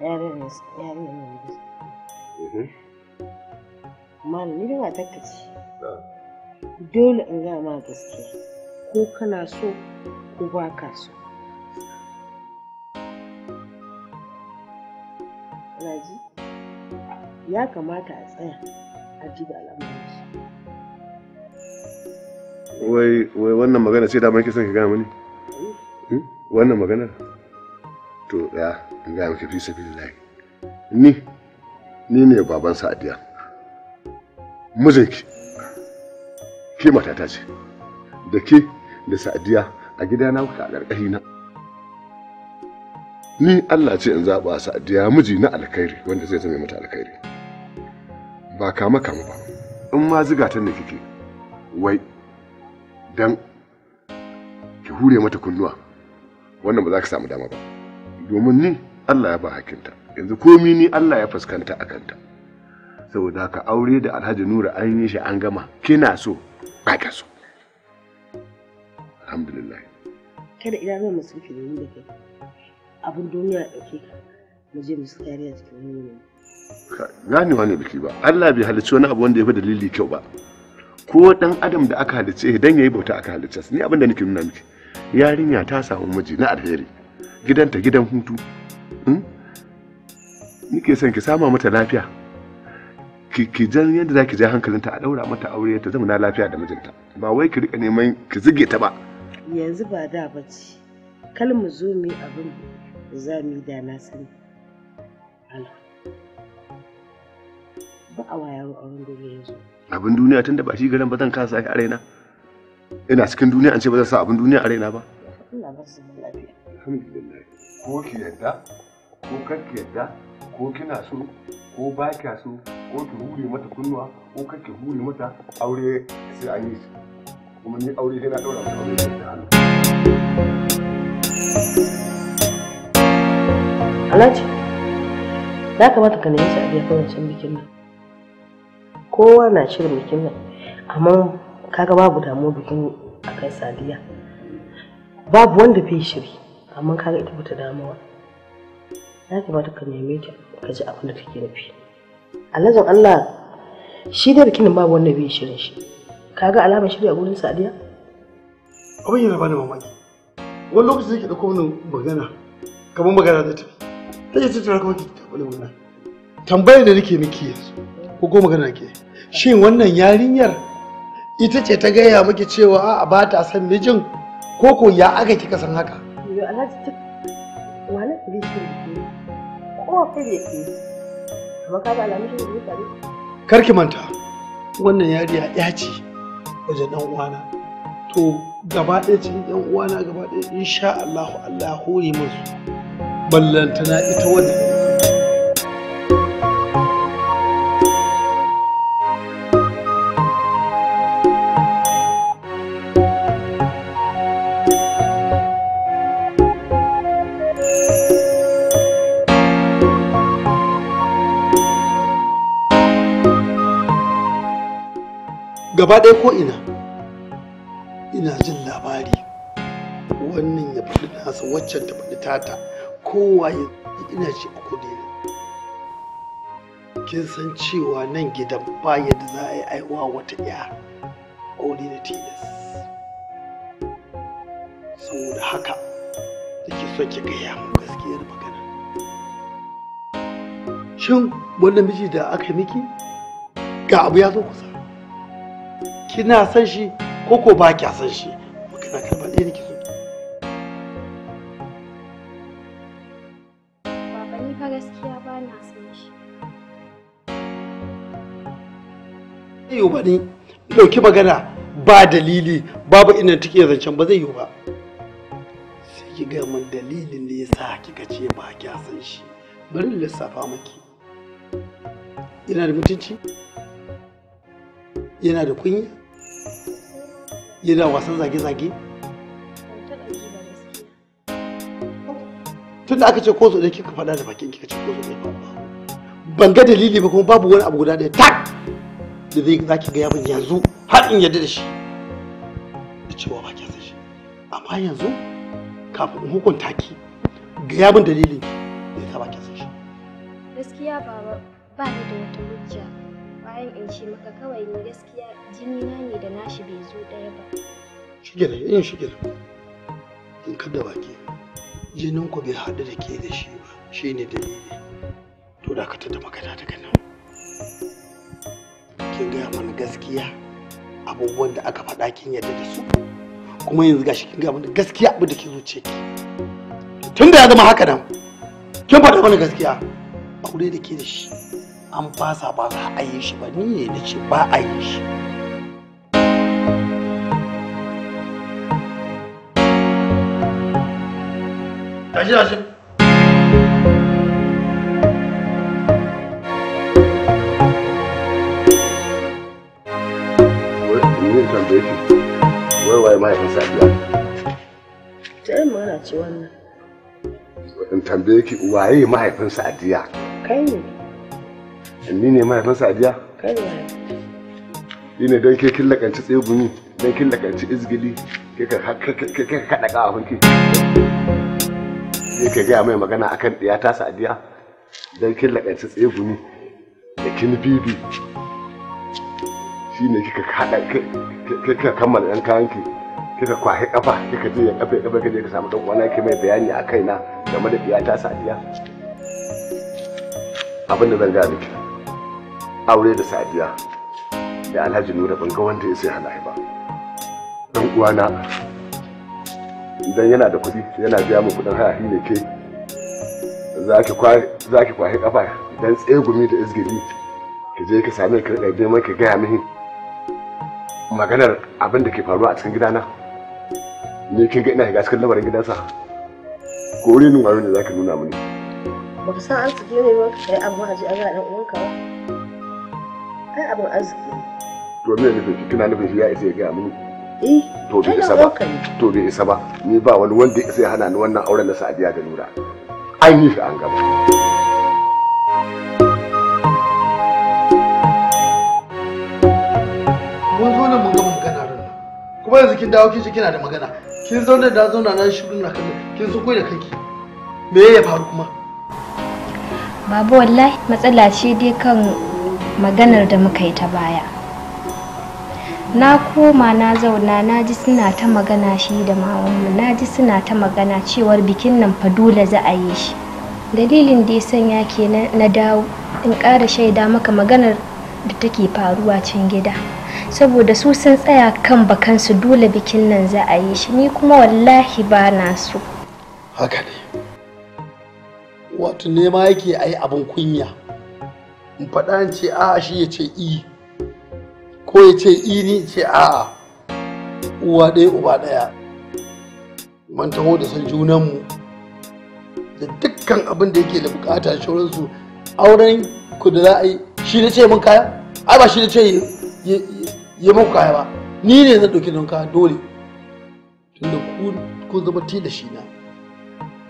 yarinyar yarinyar ne mhm. malam ni ba ta kace ah. dole in ga ma gaskiya ko kana so ko ba ka so Raji, ya kamata a tsaya a ji da al'amuransu. Wai wannan magana ce damar kisan ka gaya mani? Eh. Hmm? Wannan magana? To, ɗaya. in gaya maka fi sabilillahi ni ni ne baban sa'adiya mijinki ke matata ce da ke da sa'adiya a gidana kuka a ƙarƙari na ni Allah ce in zaɓa sa'adiya miji na alkhairi wanda zai zama mata alkhairi ba kama kama ba in ma ziga ta ne kike wai dan ki hure mata kunnuwa wannan ba za ka samu dama ba domin ni Allah ya ba hakinta yanzu komi ni Allah ya fuskanta a kanta saboda ka aure da Alhaji Nura an yi shi an gama kina so ba ka so alhamdulillah kada zan mu sun ne da kai abin duniya dauke ka mu je mu tsari kariya cikin wani gani wani biki ba Allah bai halicci wani abu wanda ya fi dalili kyau ba ko dan adam da aka halicce dan yayi bauta aka halicce ni abin da nake nuna miki yarinya ta samu miji na alheri gidanta gidan hutu Hmm? nike son ki sama mata lafiya ki jan yadda za ki ja hankalinta a daura mata aure ta zama lafiya da mijinta ba wai ki rika neman ki zige ta ba yanzu ba da bace kal mu zo mu yi abin da za mu da na sani ba a abin da dole yanzu abin duniya tunda ba shi garan ba zan kasa a raina ina cikin duniya an ce ba zan sa abin duniya a raina ba Allah ba su lafiya alhamdulillah ko ki yadda ko kakki yadda ko kina so ko ba kya so ko ki hure mata kunnuwa ko kake hure mata aure sai an yi shi kuma ni aure sai na daura mata aure da hannu Alhaji ya kamata ka nemi sa abiya wancan bikin nan kowa na shirin bikin nan amma kaga babu damuwa bikin akan sadiya babu wanda bai shiri amma kaga ita bata damuwa ya kamata ka neme ta ka ji abin da take nufi alhazan Allah shi da rikinin babu wanda bai shirin shi Ka ga alamar shirya gurin sadiya abin yana bada mamaki wani lokaci yake dauko wani magana kamar magana da tafi ta ce ta kawai ta wani magana tambayar da nake miki yanzu ko ko magana ke shin wannan yarinyar ita ce ta gaya miki cewa a ba ta san mijin ko ko ya aka kika san haka yo alhaji ta wani bai shirin Karki ke manta wannan yariya ya ce wajen dan uwana to gaba ɗaya cikin yan uwana gaba ɗaya insha Allah Allah hore musu ballantana ita wannan gaba ɗaya ko ina ina jin labari wannan ya faɗi nasa waccan ta faɗi tata kowa ya ina ce a ne. kin san cewa nan gidan ba yadda za a yi aiwa wata ya aure da tilas saboda haka ke so ki gaya mu gaskiyar magana shin wannan miji da aka miki ga abu ya zo kusa kina san shi ko ko ba kya san shi magana kalma ɗaya nake so baba ni fa gaskiya ba na san shi zai yiwu ba ni magana ba dalili babu inda take zancen ba zai yiwu ba sai ki ga min dalilin da yasa kika ce ba kya san shi bari lissafa miki yana da mutunci yana da kunya yana wasan zage-zage tun da aka ce ko ɗaya kika faɗa da bakin kika ce ko ɗaya ba ban ga dalili ba kuma babu wani abu guda ɗaya tak da zai zaki ga yamin yanzu har in yadda da shi da cewa ba kya san shi amma yanzu kafin in hukunta ki ga yamin dalilin da ya sa ba kya san shi gaskiya baba ba ni da wata hujja bayan in ce maka kawai ni gaskiya jini na ne da nashi bai zo ɗaya ba shigila yin shigila in kada baki jinin ku bai haɗu da ke da shi ba shi ne ni ne. to da ka tada magana daga nan kin gaya mana gaskiya abubuwan da aka faɗa kin yadda da su kuma yanzu gashi kin gaya mana gaskiya abin da ke zuciya ki tunda ya zama haka nan kin faɗa mana gaskiya aure da ke da shi an fasa ba za a yi shi ba ni ne na ce ba a yi shi tashi tashi wai wai mahaifin safiya ta yi mana ce wannan in tambaye ki waye mahaifin sadiya kai ne Ni ne mahaifin Sadiya? Kai Ni ne don ke kin lakanci tsegumi, don kin lakanci izgili, ke ka kaɗa ƙawafin ki. Ke ka gaya mai magana akan ɗiya ta Sadiya, don kin lakanci tsegumi, da kin bibi. Shi ne kika kaɗa, kika kammala ɗan kayanki, kika kwahi ƙafa, kika je ya ƙafe ƙafe, ka je ka samu ɗan uwana ke mai bayani a kaina game da ɗiya ta Sadiya. Abin da zan gaya miki. aure da sadiya da alhaji nura ban ga wanda ya sai hana ba dan uwana idan yana da kuɗi yana biya mu kuɗin haya ne ke za ki kwahi kafa dan tsegumi da izgili ki je ka same ka rika neman ka gaya mihin maganar abin da ke faruwa a cikin gidana ne ke ga ina shiga cikin lamarin gidansa ko wurin nuna da zaka nuna mini baka san arziki ne ba kai abu haji a ga dan uwanka ba kai abin arziki to me ne ki kina nufin shi ya isa ya ga mun eh to bai isa ba to bai isa ba ni ba wani wanda ya hana ni wannan auren na Sa'adiya da Nura Ai ni shi an gaba mun zo nan mun gama magana ran kuma yanzu kin dawo kin kina da magana kin zauna da zauna nan shirin na kin su koi da kanki me ya faru kuma Baba wallahi matsala ce dai kan maganar da muka yi ta baya na koma na zauna na ji suna ta magana shi da mawanmu na ji suna ta magana cewar bikin nan fadula dole za a yi shi dalilin da ya sanya ke na dawo in ƙara shaida maka maganar da take faruwa can gida saboda su sun tsaya kan bakansu dole bikin nan za a yi shi ni kuma wallahi ba na so haka ne wato nema yake ai abin kunya in faɗa in ce a'a shi ya ce i ko ya ce i ni ce a'a uwa ɗaya uba ɗaya mun taho da san junanmu da dukkan abin da yake da bukata shauransu auren ku da za a yi shi na ce mun kaya ai ba shi na ce ya muku kaya ba ni ne na ɗauki don kaya dole tunda ku kun zama te da shi na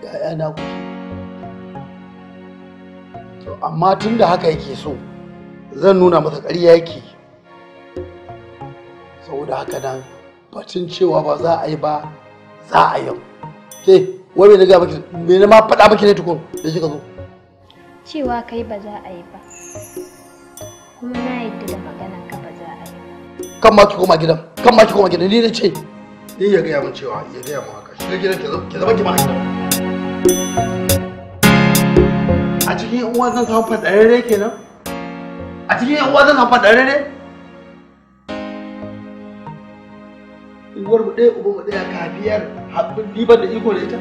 ya'ya na kuke amma tun da haka yake so zan nuna masa ƙarya yake saboda haka nan batun cewa ba za a yi ba za a yau ke wai na gaba me na ma faɗa maki ne tukun da shi ka zo cewa kai ba za a yi ba kuma na yadda da maganar ka ba za a yi ba kan ma ki koma gidan kan ma ki koma gidan ni na ce ni ya gaya min cewa ya gaya min haka shiga gidan ki zama ki ma gidan a cikin yan uwa zan samu fadarere kenan a cikin yan uwa zan samu fadarere uwar mu ɗaya uba mu ɗaya kafiyar haɗin ribar da iko da ita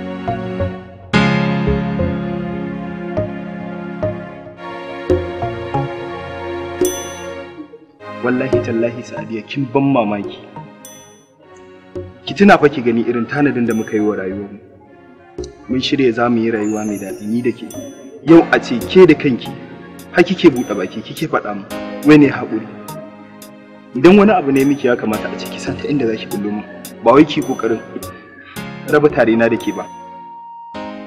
wallahi tallahi sa'adiya kin ban mamaki ki tuna fa ki gani irin tanadin da muka yi wa rayuwarmu mun shirya za mu yi rayuwa mai daɗi ni da ke yau a ce ke da kanki har kike buɗe baki kike faɗa mu wai ne haƙuri idan wani abu ne miki ya kamata a ce ki san ta inda zaki bullo mu ba wai ki kokarin raba tare na da ke ba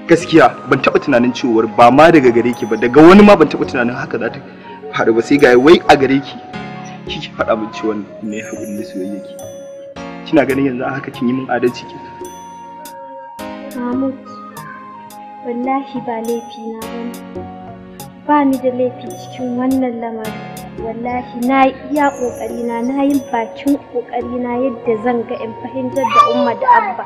gaskiya ban taɓa tunanin cewar ba ma daga gare ki ba daga wani ma ban taɓa tunanin haka za ta faru ba sai ga wai a gare ki kike faɗa min cewa ne haƙuri da soyayya ki kina ganin yanzu haka kin yi min adalci ki Mahmud wallahi ba laifi na ba ba ni da laifi cikin wannan lamarin wallahi na iya kokari na na yi bakin kokari na yadda zan ga in fahimtar da umma da abba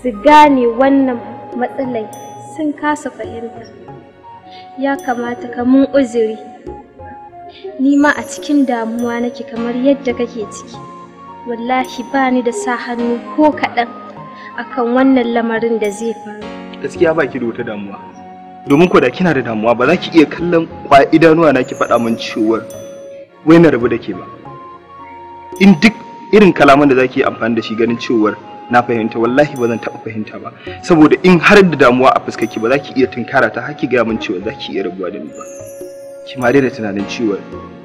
su gane wannan matsalai sun kasa fahimta ya kamata ka mun uzuri ni ma a cikin damuwa nake kamar yadda kake ciki wallahi ba ni da sa hannu ko kaɗan akan wannan lamarin da zai faru gaskiya baki da wata damuwa domin ko da kina da damuwa ba za ki iya kallon kwa idanuwa na ki faɗa min cewa wai na rabu da ba in duk irin kalaman da zaki amfani da shi ganin cewar na fahimta wallahi ba zan taɓa fahimta ba saboda in har da damuwa a fuskarki ba za ki iya tunkara ta haki gaya min cewa za ki iya rabuwa da ni ba ki ma da tunanin cewa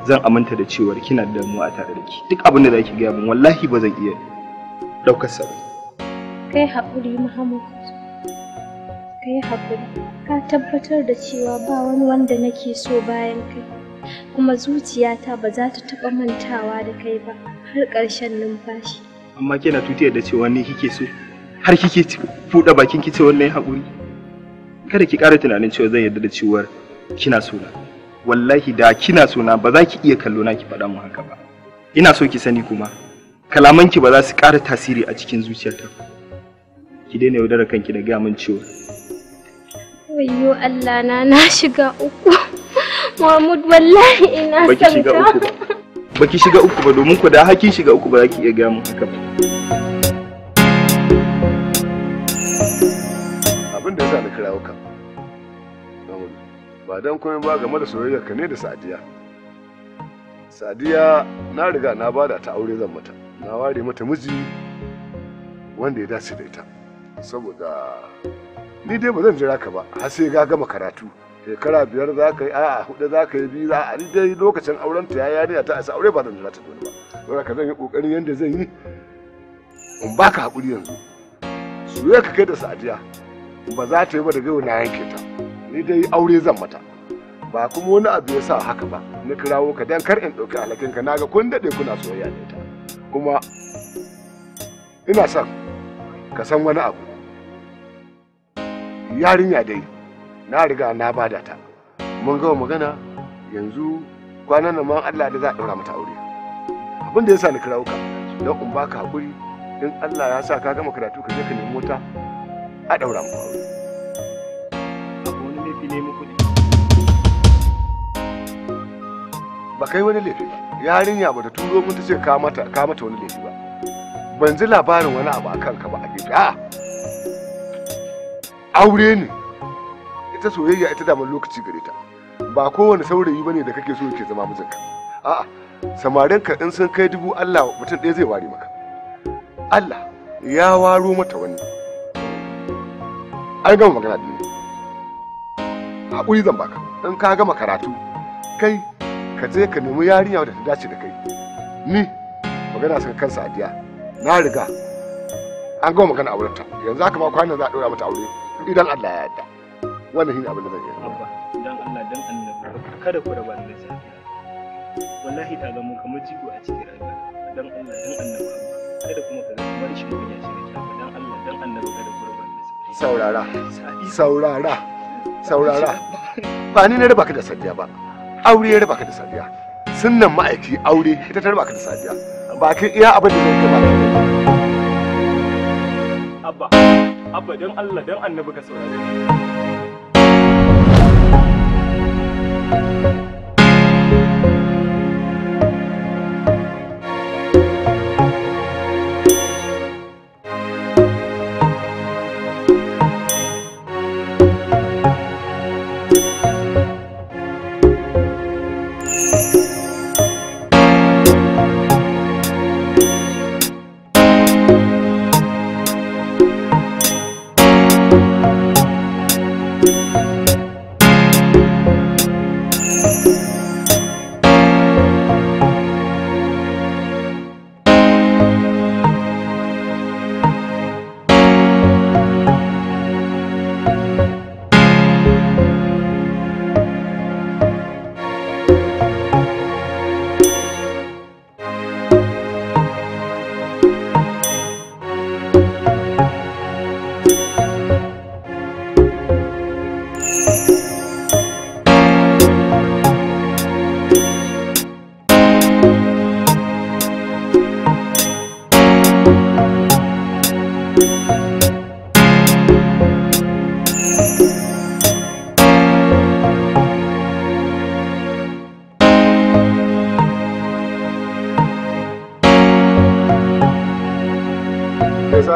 zan aminta da cewar kina da damuwa a tare da ki duk abin da za ki gaya min wallahi ba zan iya ɗaukar sa ba kai haƙuri muhammad ka yi haƙuri ka tabbatar da cewa ba wani wanda nake so bayan kai kuma zuciyata ba za ta taɓa mantawa da kai ba har ƙarshen numfashi amma kina tutiyar da cewa ni kike so har kike fuɗa bakin kice wannan haƙuri kada ki ƙara tunanin cewa zan yarda da cewa kina so na wallahi da kina so na ba za ki iya kallo na ki faɗa mu haka ba ina so ki sani kuma kalamanki ba za su ƙara tasiri a cikin zuciyata ki daina yaudarar kanki da gaya min cewa Wayyo Allah na na shiga uku. Muhammad wallahi ina son Baki shiga uku ba. Baki shiga uku ba domin ku da hakin shiga uku ba za ki iya gaya mun haka ba. Abin da yasa na kirawo ka. Ba dan komai ba game da soyayya ka ne da Sadiya. Sadiya na riga na bada ta aure zan mata. Na ware mata miji wanda ya dace da ita. Saboda ni dai ba zan jira ka ba har sai ga gama karatu shekara biyar za ka yi a hudu za ka yi biyu za a ni dai lokacin auren ta yaya ne ta a aure ba zan jira ta dole ba don haka zan yi kokarin yanda zan yi in baka hakuri yanzu soyayya ka kai da sadiya ba za ta yi ba da yau na yanke ta ni dai aure zan mata ba kuma wani abu ya sa haka ba na kirawo ka dan kar in ɗauki alakin ka naga kun daɗe kuna soyayya ne ta kuma ina son ka san wani abu yarinya dai na riga na bada ta mun gama magana yanzu kwanan nan ma Allah da za a daura mata aure abin da yasa ni kira uka don in baka hakuri in Allah ya sa ka gama karatu ka je ka nemi mota a daura mu aure ba kai wani laifi ba yarinya ba ta turo mun ta ce ka mata ka mata wani laifi ba ban ji labarin wani abu akan ka ba a gefe a'a aure ne ita soyayya ita damar lokaci gare ta ba kowane saurayi bane da kake so yake zama mijinka a'a samarin ka in sun kai dubu Allah mutum ɗaya zai ware maka Allah ya waro mata wani an gama magana da ni haƙuri zan baka in ka gama karatu kai ka je ka nemi yarinya wadda ta dace da kai ni magana sun kansa adiya na riga an gama magana a wurinta yanzu haka ma kwanan za a ɗora mata aure idan Allah ya yarda wannan shine abin da zan yi abba idan Allah dan annabi kada ku raba da safiya wallahi ta ga mu kamar jigo a cikin rayuwa dan Allah dan annabi kada kuma ka ga kamar shi ya shiga da dan Allah dan annabi kada ku raba da saurara saurara saurara ba ni na raba ka da sadiya ba aure ya raba ka da sadiya sunnan ma'aiki aure ita ta raba ka da sadiya ba kai iya abin da zai ka ba abba abba don Allah don annabi ka saurare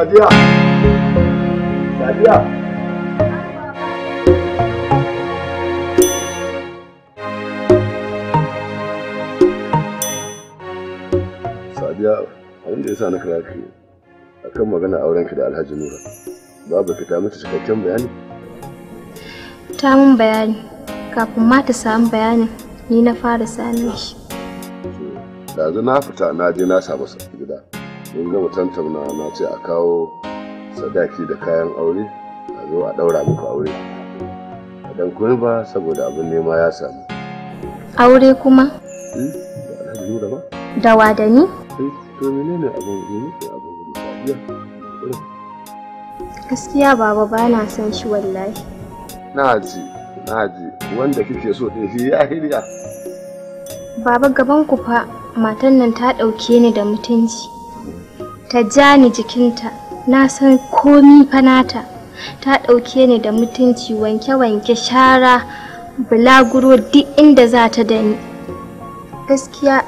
Sadiya. Sadia. Sadia, abin da ya sa na kira ki akan magana aurenki da Alhaji Nura. Babu ka ta mata cikakken bayani? Ta mun bayani. Kafin ma ta samu bayanin, ni na fara sanin shi. Yanzu na fita na je na samu gida. mun gama tantamna na ce a kawo sadaki da kayan aure a zo a ɗaura muku aure a dan kuma ba saboda abin nema ya samu aure kuma eh, da wa da ni eh, to menene abin ne abin gaskiya baba ba na son shi wallahi na ji na ji wanda kike so ɗin shi ya hirya baba gaban ku fa matan nan ta ɗauke ni da mutunci ta ja ni jikinta na san komi fanata ta ɗauke ni da mutunci wanke-wanke shara bulaguro duk inda za ta da gaskiya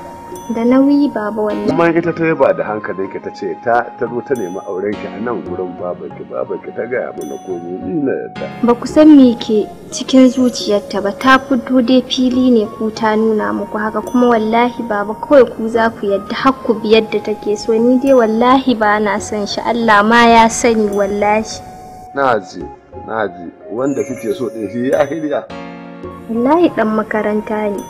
da nauyi baba wani. kuma ita ta yaba da hankali ka ta ce ta ta zo ta nemi auren ki a nan gurin baba ki baba ki ta gaya mana komai ni na yadda ba ku san me ke cikin zuciyarta ba ta fito dai fili ne ku ta nuna muku haka kuma wallahi baba kawai ku za ku yadda har ku bi yadda take so ni dai wallahi ba na son shi Allah ma ya sani wallahi na ji na ji wanda kike so din shi ya hirya wallahi dan makaranta ne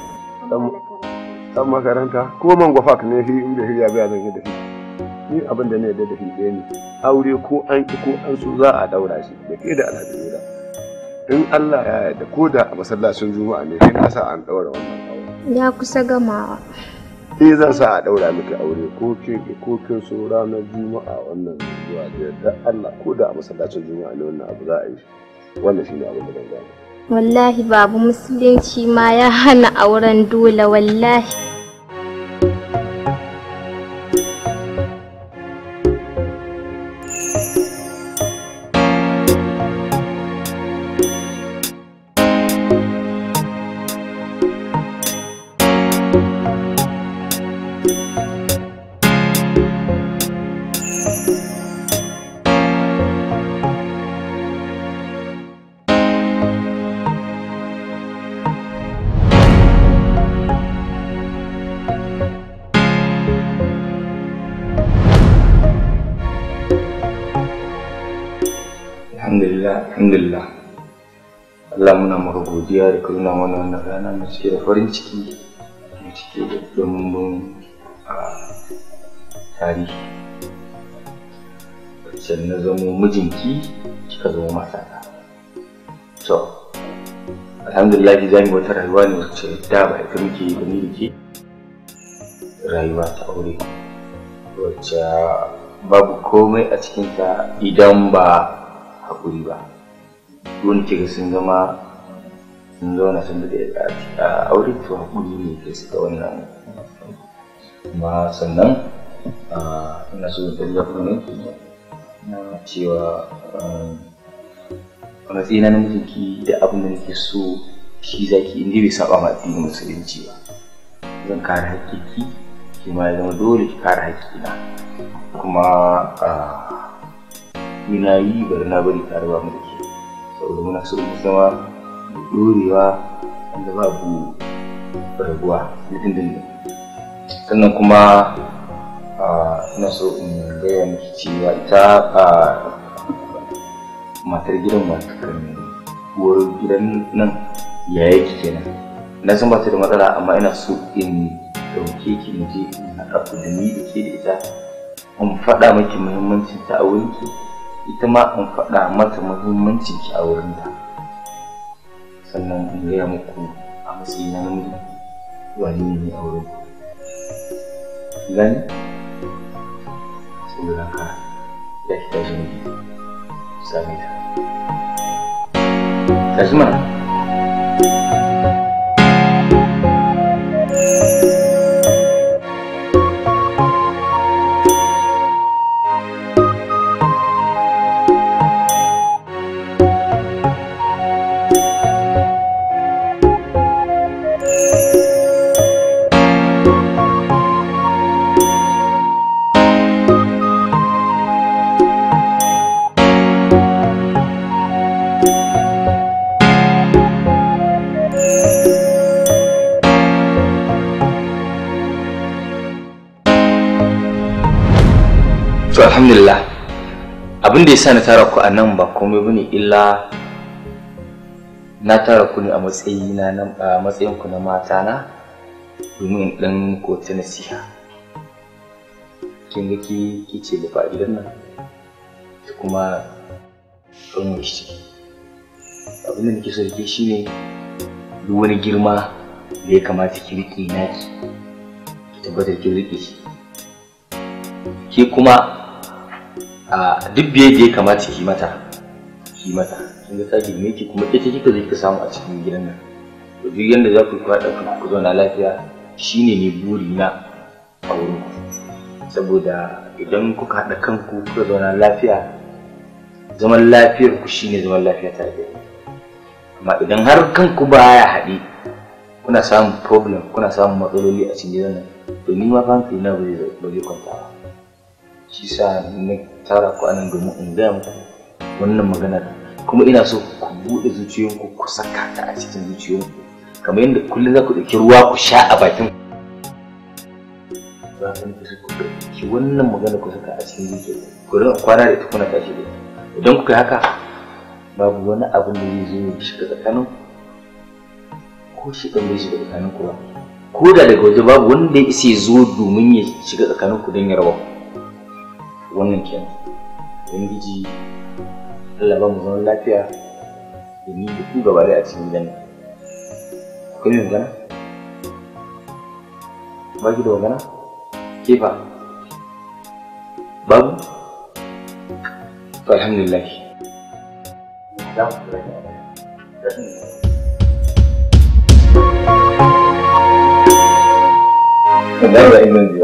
dan makaranta ko man gwafak ne shi in bai shirya ba zan yi da shi ni abin da ne da da shi ɗaya ne aure ko an ki ko an so za a daura shi da ke da alhaji in Allah ya yarda ko da a masallacin juma'a ne sai na sa an daura wannan aure ya kusa gamawa eh zan sa a daura miki aure ko ke ko kin so ranar juma'a wannan zuwa da Allah ko da a masallacin juma'a ne wannan abu za a yi wannan shine abin da zan gani. wallahi babu musulunci ma ya hana auren dole wallahi alhamdulillah alhamdulillah Allah muna maka godiya da ka na mana wannan rana mu cike da farin ciki mu cike da dumbin tarihi can na zamo mijinki kika zama matata to alhamdulillah za mu wata rayuwa ne wacce da ba ita muke yi gani da ke rayuwa ta aure wacce babu komai a cikinta idan ba haƙuri ba don kiga sun zama sun zauna sun daɗe a aure to haƙuri ne ke suka wannan ma sannan ina so in ɗan yafi ne na cewa um, a matsayina na mijinki da abin da nake so shi zaki inda bai saba ma addinin musulunci ba zan kare haƙƙinki ki ma ya zama dole ki kare na kuma Ina yi bari na bari ka raba mu da saboda muna so mu zama dorewa wanda babu raguwa na dinda sannan kuma ina so in gaya miki cewa ita matar gidan wata karmi uwar gidan nan yaya ki kenan na san ba ta da matsala amma ina so in dauke ki mu je in haɗa da ni da ke da ita in faɗa maki muhimmancin ta a ki ita ma in faɗa mata muhimmancin ki a wurin ta sannan in gaya muku a matsayi na namiji wani ne ne a wurin gani saboda ka ya shi ta ne sami ta tashi mana alhamdulillah abin da ya sa na tara ku a nan ba komai bane illa na tara ku ne a matsayin na matsayin ku na mata na domin dan kotu na siya. kin ga ki da fa'idar nan ki kuma kan shi abin da nake so ki shine duk wani girma da ya kamata ki rike naki ki tabbatar ki rike shi ki kuma a duk biye da ya kamata ki mata ki mata kin ga ta girme ki kuma ita kika zai ka samu a cikin gidan nan to duk yanda za ku kwaɗa ku zauna lafiya shine ne buri na a wurin saboda idan kuka haɗa kanku kuka zauna lafiya zaman lafiyar ku shine zaman lafiya ta da amma idan har kanku baya haɗi kuna samun problem kuna samun matsaloli a cikin gidan nan to ni ma fa hankali na ba zai kwanta ba shi sa tara ku anan domin in gaya muku wannan maganar kuma ina so ku buɗe zuciyoyinku ku saka ta a cikin zuciyoyinku kamar yadda kullum za ku ɗauki ruwa ku sha a bakin ki wannan magana ku saka a cikin zuciyoyinku ku rinka kwana da tukuna tashi da idan kuka haka babu wani abin da zai zo ya shiga tsakanin ko shi ɗan bai shiga tsakanin ku ba ko da daga waje babu wanda ya isa ya zo domin ya shiga tsakanin ku don ya rawa ku wannan kenan ubangiji Allah ba mu zama lafiya da ni da ku gaba a cikin gani akwai mai magana ba ki da magana ke ba babu alhamdulillah za ya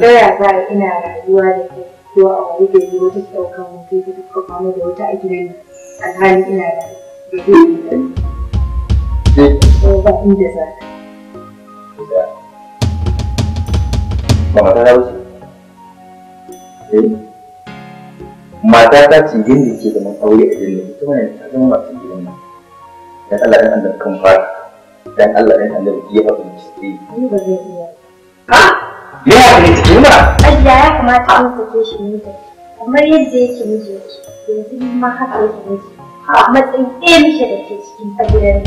ta ya za ina rayuwa da kai a wani gari wata ta ɗauka mutum ta tafi kama da wata a gidan alhali ina da da zai yi da ba inda za ta. Mama ta dawo eh? Mata ta ce yin da ke zaman aure a gidan nan ita wannan ta zama masu gidan nan. Dan Allah ɗan Allah kan fara. Dan Allah ɗan Allah ya haɗu da shi. Ni ba zai iya. Ha? Ah! Me ya kai cikin mura? Ajiya ya kamata in sake shi ne da kamar yadda yake miji yake yanzu ma haka yake miji a matsayin ɗaya muke da ke cikin ɓangaren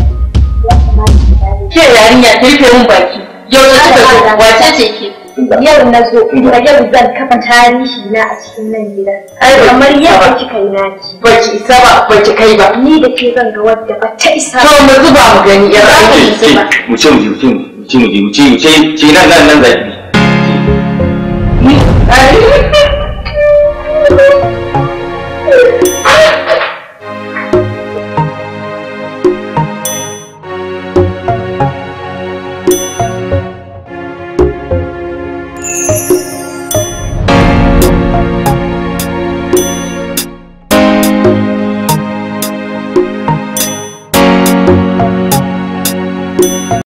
ya kamata ki dare. Ke yarinya ta rufe mun baki. Yau na zo wace ce ke? Yau na zo ina yau zan kafa tarihi na a cikin nan gida. Kamar yadda kika yi naci. Bace isa ba bace kai ba. Ni da ke zan ga wadda ba ta isa. To mu zuba mu gani yar aiki. Mu ce mu ce mu ce mu ce mu ce mu ce nan nan nan ấy